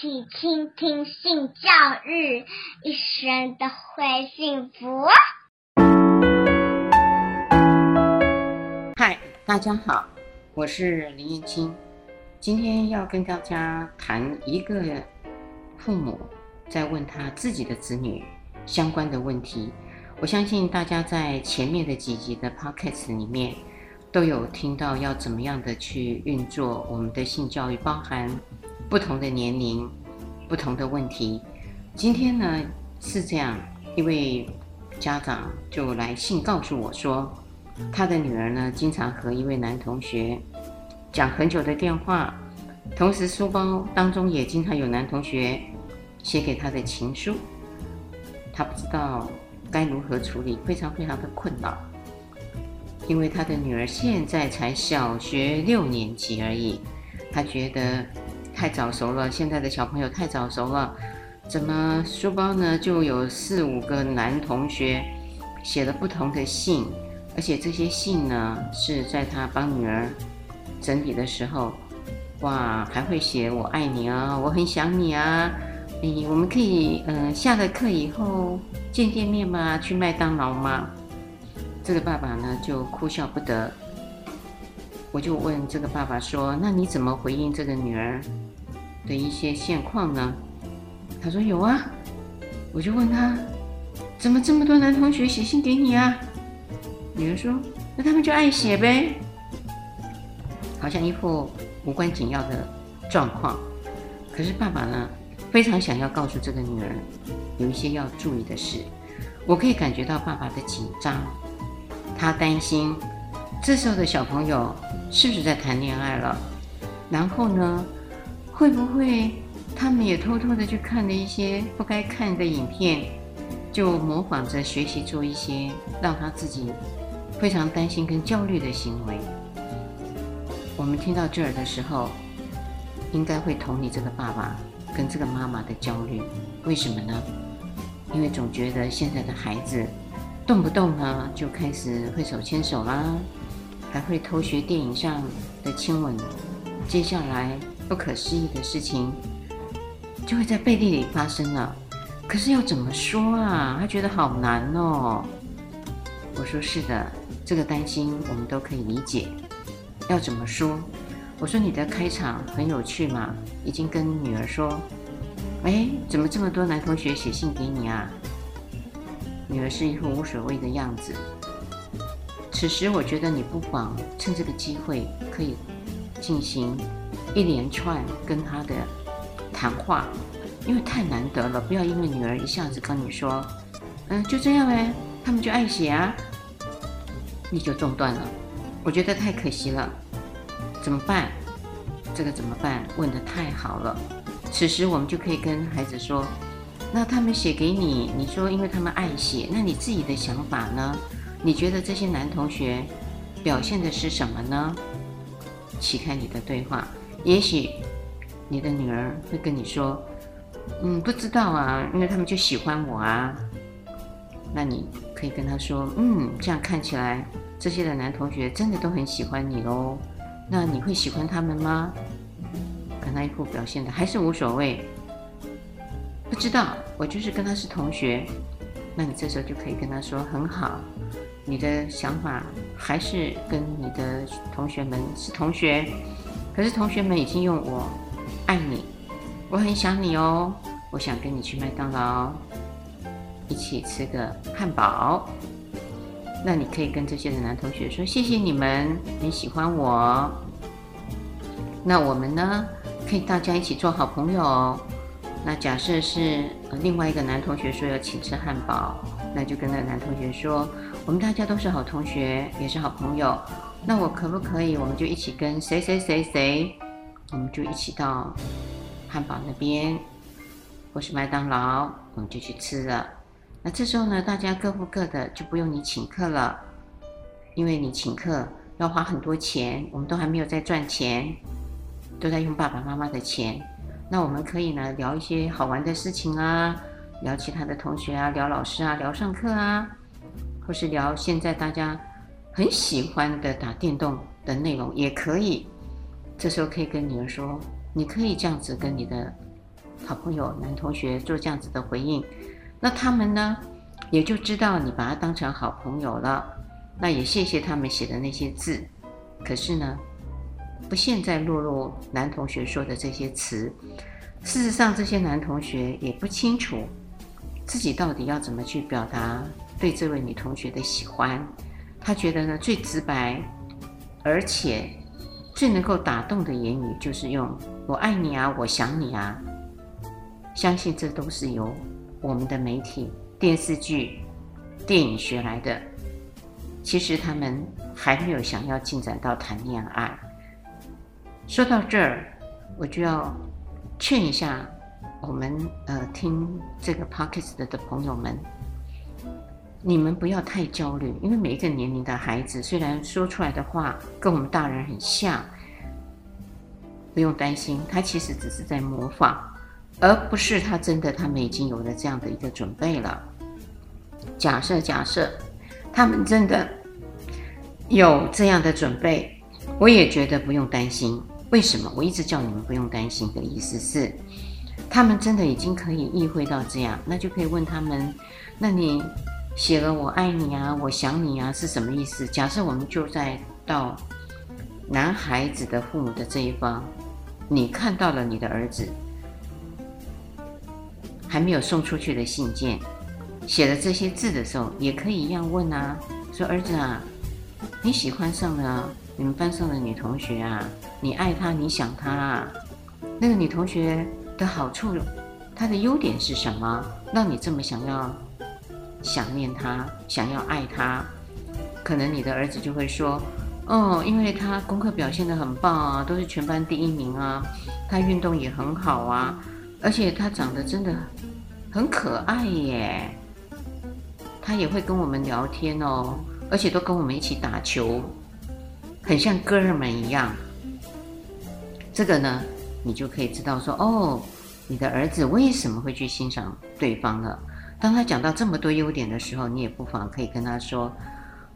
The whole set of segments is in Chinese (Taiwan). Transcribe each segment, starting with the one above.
去傾聽，聽性教育，一生都會幸福。嗨，大家好，我是林燕青，今天要跟大家談一個父母在問他自己的子女相關的問題。我相信大家在前面的幾集的 podcast 裡面都有聽到要怎麼樣的去運作我們的性教育，包含。不同的年齡，不同的問題。今天呢是這樣，一位家長就來信告訴我說，他的女兒呢經常和一位男同學講很久的電話，同時書包當中也經常有男同學寫給他的情書，他不知道該如何處理，非常非常的困擾。因為他的女兒現在才小學六年級而已，他覺得。太早熟了，現在的小朋友太早熟了。怎麼書包呢？就有四五個男同學寫了不同的信，而且這些信呢是在他幫女兒整理的時候，哇，還會寫“我愛你啊，我很想你啊，你、哎、我們可以嗯下了課以後見見面嗎？去麥當勞嗎？”這個爸爸呢就哭笑不得。我就問這個爸爸說：“那你怎麼回應這個女兒？”的一些現況呢？他說有啊，我就問他，怎麼這麼多男同學寫信給你啊？女兒說，那他們就愛寫唄，好像一副無關緊要的狀況。可是爸爸呢，非常想要告訴這個女兒，有一些要注意的事。我可以感覺到爸爸的緊張，他擔心這時候的小朋友是不是在談戀愛了，然後呢？會不會他們也偷偷的去看了一些不該看的影片，就模仿着學習做一些讓他自己非常擔心跟焦慮的行為？我們聽到這兒的時候，應該會同理這個爸爸跟這個媽媽的焦慮，為什麼呢？因為總覺得現在的孩子動不動啊就開始會手牽手啦，還會偷學電影上的親吻，接下來。不可思議的事情就會在背地裡發生了，可是要怎麼說啊？她覺得好難哦。我說是的，這個擔心我們都可以理解。要怎麼說？我說你的開場很有趣嘛，已經跟女兒說，誒，怎麼這麼多男同學寫信給你啊？女兒是一副無所謂的樣子。此時我覺得你不妨趁這個機會可以進行。一連串跟他的談話，因為太難得了，不要因為女兒一下子跟你說，嗯，就這樣唄，他們就愛寫啊，你就中斷了，我覺得太可惜了，怎麼辦？這個怎麼辦？問得太好了，此時我們就可以跟孩子說，那他們寫給你，你說因為他們愛寫，那你自己的想法呢？你覺得這些男同學表現的是什麼呢？起開你的對話。也許你的女兒會跟你說：“嗯，不知道啊，因為他們就喜歡我啊。”那你可以跟她說：“嗯，這樣看起來，這些的男同學真的都很喜歡你嘍。那你會喜歡他們嗎？”可他一副表現得還是無所謂，不知道，我就是跟他是同學。那你這時候就可以跟他說：“很好，你的想法還是跟你的同學們是同學。”可是同學們已經用我愛你，我很想你哦，我想跟你去麥當勞，一起吃個漢堡。那你可以跟這些的男同學說謝謝你們很喜歡我。那我們呢，可以大家一起做好朋友哦。那假設是另外一個男同學說要請吃漢堡，那就跟那個男同學說我們大家都是好同學，也是好朋友。那我可不可以？我們就一起跟誰誰誰誰，我們就一起到漢堡那邊，或是麥當勞，我們就去吃了。那這時候呢，大家各付各的，就不用你請客了，因為你請客要花很多錢，我們都還沒有在賺錢，都在用爸爸媽媽的錢。那我們可以呢，聊一些好玩的事情啊，聊其他的同學啊，聊老師啊，聊上課啊，或是聊現在大家。很喜歡的打電動的內容也可以，這時候可以跟女兒說：“你可以這樣子跟你的好朋友男同學做這樣子的回應，那他們呢也就知道你把他當成好朋友了。那也謝謝他們寫的那些字，可是呢，不現在落入男同學說的這些詞。事實上，這些男同學也不清楚自己到底要怎麼去表達對這位女同學的喜歡。”他覺得呢，最直白，而且最能夠打動的言語，就是用“我愛你啊，我想你啊”。相信這都是由我們的媒體、電視劇、電影學來的。其實他們還沒有想要進展到談戀愛。說到這兒，我就要勸一下我們呃聽這個 podcast 的朋友們。你們不要太焦慮，因為每一個年齡的孩子，雖然說出來的話跟我們大人很像，不用擔心，他其實只是在模仿，而不是他真的他們已經有了這樣的一個準備了。假設假設，他們真的有這樣的準備，我也覺得不用擔心。為什麼我一直叫你們不用擔心的意思是，他們真的已經可以意會到這樣，那就可以問他們：那你？寫了“我愛你啊，我想你啊”是什麼意思？假設我們就在到男孩子的父母的這一方，你看到了你的兒子還沒有送出去的信件，寫了這些字的時候，也可以一樣問啊：“說兒子啊，你喜歡上了你們班上的女同學啊？你愛她，你想她啊？那個女同學的好處，她的優點是什麼？讓你這麼想要？”想念他，想要愛他，可能你的兒子就會說：“哦，因為他功課表現得很棒啊，都是全班第一名啊，他運動也很好啊，而且他長得真的，很可愛耶。”他也會跟我們聊天哦，而且都跟我們一起打球，很像哥們一樣。這個呢，你就可以知道說：“哦，你的兒子為什麼會去欣賞對方了。”當他講到這麼多優點的時候，你也不妨可以跟他說：“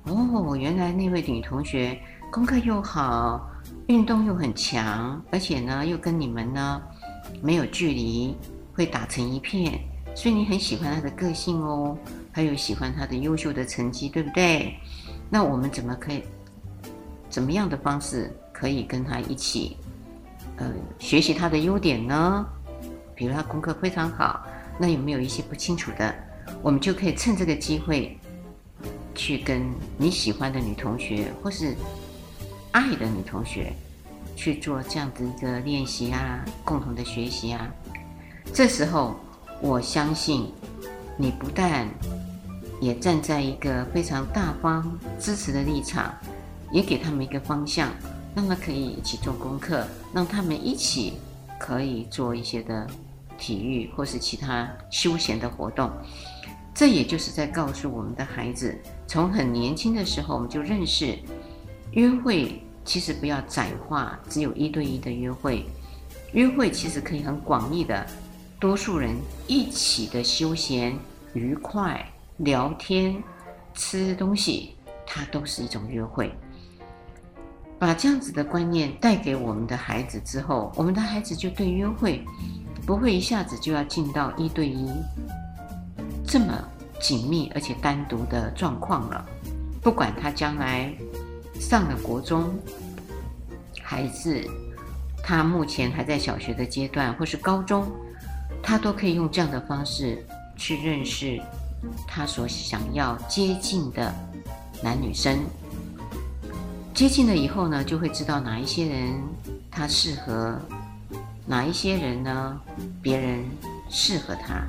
哦，原來那位女同學功課又好，運動又很強，而且呢又跟你們呢沒有距離，會打成一片，所以你很喜歡她的個性哦，還有喜歡她的優秀的成績，對不對？那我們怎麼可以怎麼樣的方式可以跟她一起，呃，學習她的優點呢？比如她功課非常好。”那有沒有一些不清楚的，我們就可以趁這個機會，去跟你喜歡的女同學或是愛的女同學去做這樣的一個練習啊，共同的學習啊。這時候我相信你不但也站在一個非常大方支持的立場，也給他們一個方向，讓他可以一起做功課，讓他們一起可以做一些的。體育或是其他休閒的活動，這也就是在告訴我們的孩子，從很年輕的時候我們就認識，約會其實不要窄化，只有一對一的約會，約會其實可以很廣義的，多數人一起的休閒、愉快聊天、吃東西，它都是一種約會。把這樣子的觀念帶給我們的孩子之後，我們的孩子就對約會，不會一下子就要進到一對一這麼緊密而且單獨的狀況了。不管他將來上了國中，還是他目前還在小學的階段，或是高中，他都可以用這樣的方式去認識他所想要接近的男女生。接近了以後呢，就會知道哪一些人他適合。哪一些人呢？別人適合他，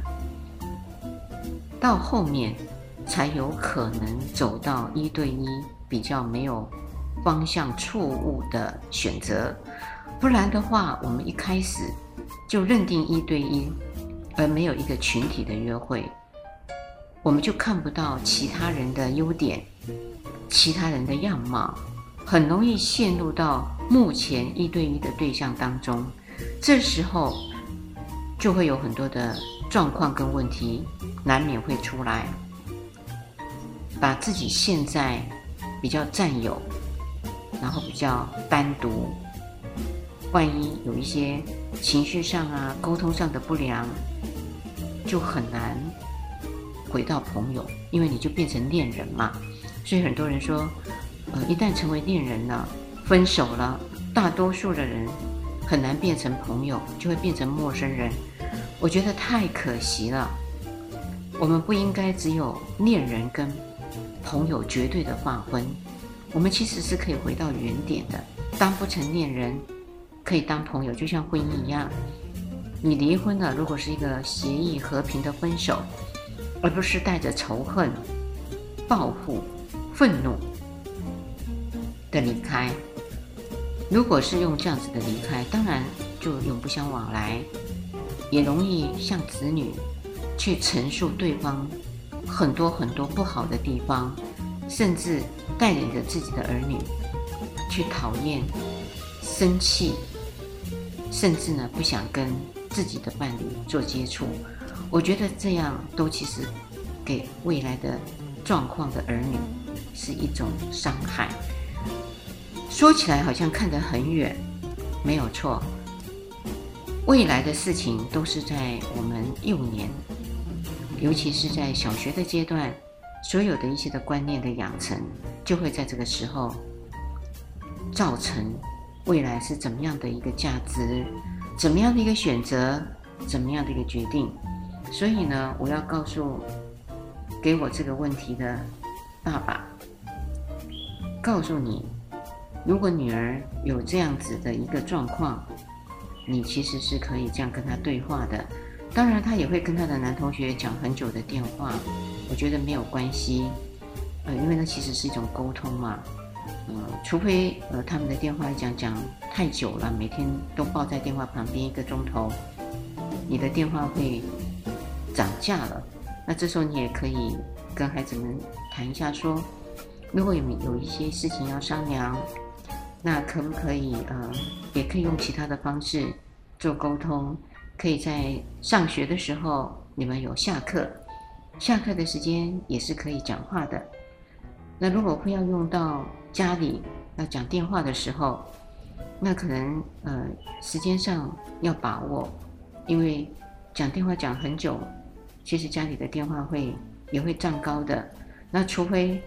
到後面才有可能走到一對一，比較沒有方向、錯誤的選擇。不然的話，我們一開始就認定一對一，而沒有一個群體的約會，我們就看不到其他人的優點，其他人的樣貌，很容易陷入到目前一對一的對象當中。這時候就會有很多的狀況跟問題，難免會出來。把自己現在比較占有，然後比較單獨，萬一有一些情緒上啊、溝通上的不良，就很難回到朋友，因為你就變成戀人嘛。所以很多人說，呃，一旦成為戀人了，分手了，大多數的人。很難變成朋友，就會變成陌生人。我覺得太可惜了。我們不應該只有戀人跟朋友絕對的劃分，我們其實是可以回到原點的。當不成戀人，可以當朋友，就像婚姻一樣。你離婚了，如果是一個協議和平的分手，而不是帶着仇恨、報復、憤怒的離開。如果是用這樣子的離開，當然就永不相往來，也容易向子女去陳述對方很多很多不好的地方，甚至帶領着自己的兒女去討厭、生氣，甚至呢不想跟自己的伴侶做接觸。我覺得這樣都其實給未來的狀況的兒女是一種傷害。說起來好像看得很遠，沒有錯。未來的事情都是在我們幼年，尤其是在小學的階段，所有的一些的觀念的養成，就會在這個時候造成未來是怎麼樣的一個價值，怎麼樣的一個選擇，怎麼樣的一個決定。所以呢，我要告訴給我這個問題的爸爸，告訴你。如果女兒有這樣子的一個狀況，你其實是可以這樣跟她對話的。當然，她也會跟她的男同學講很久的電話，我覺得沒有關係。呃，因為那其實是一種溝通嘛。嗯、呃，除非呃他們的電話講講太久了，每天都抱在電話旁邊一個鐘頭，你的電話會漲價了。那這時候你也可以跟孩子們談一下說，說如果有有一些事情要商量。那可不可以呃，也可以用其他的方式做溝通？可以在上學的時候，你們有下課，下課的時間也是可以講話的。那如果會要用到家裡要講電話的時候，那可能呃時間上要把握，因為講電話講很久，其實家裡的電話費也會漲高的。那除非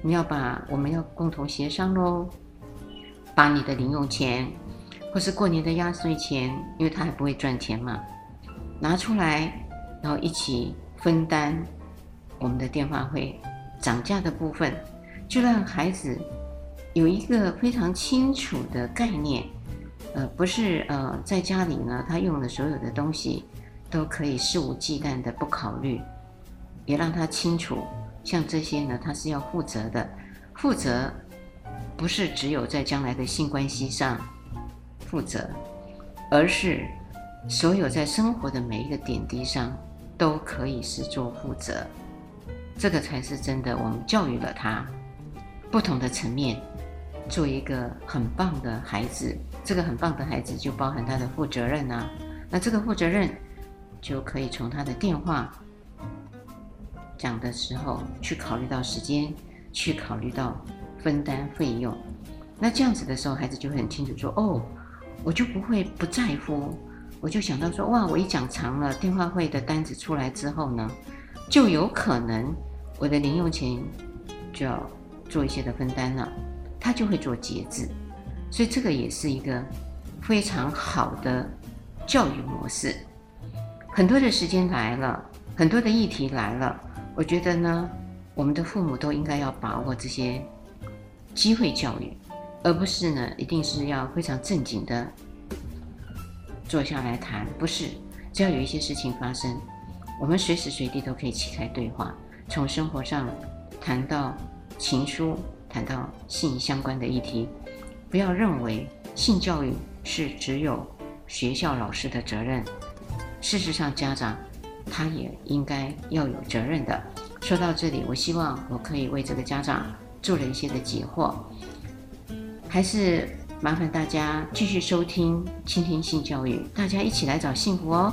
你要把我們要共同協商嘍。把你的零用錢，或是過年的壓歲錢，因為他還不會賺錢嘛，拿出來，然後一起分擔我們的電話費漲價的部分，就讓孩子有一個非常清楚的概念，呃，不是，呃，在家裡呢，他用的所有的東西都可以肆無忌憚的不考慮，也讓他清楚，像這些呢，他是要負責的，負責。不是只有在將來的性關係上負責，而是所有在生活的每一個點滴上都可以是做負責，這個才是真的。我們教育了他，不同的層面，做一個很棒的孩子。這個很棒的孩子就包含他的負責任吶、啊。那這個負責任就可以從他的電話講的時候去考慮到時間，去考慮到。分擔費用，那這樣子的時候，孩子就會很清楚說：“哦，我就不會不在乎。”我就想到說：“哇，我一講長了，電話費的單子出來之後呢，就有可能我的零用錢就要做一些的分擔了。”他就會做節制，所以這個也是一個非常好的教育模式。很多的時間來了，很多的議題來了，我覺得呢，我們的父母都應該要把握這些。機會教育，而不是呢，一定是要非常正經的坐下來談。不是，只要有一些事情發生，我們隨時隨地都可以起來對話，從生活上談到情書，談到性相關的議題。不要認為性教育是只有學校老師的責任，事實上，家長他也應該要有責任的。說到這裡，我希望我可以為這個家長，做了一些的解惑，還是麻煩大家繼續收聽、傾聽性教育，大家一起來找幸福哦。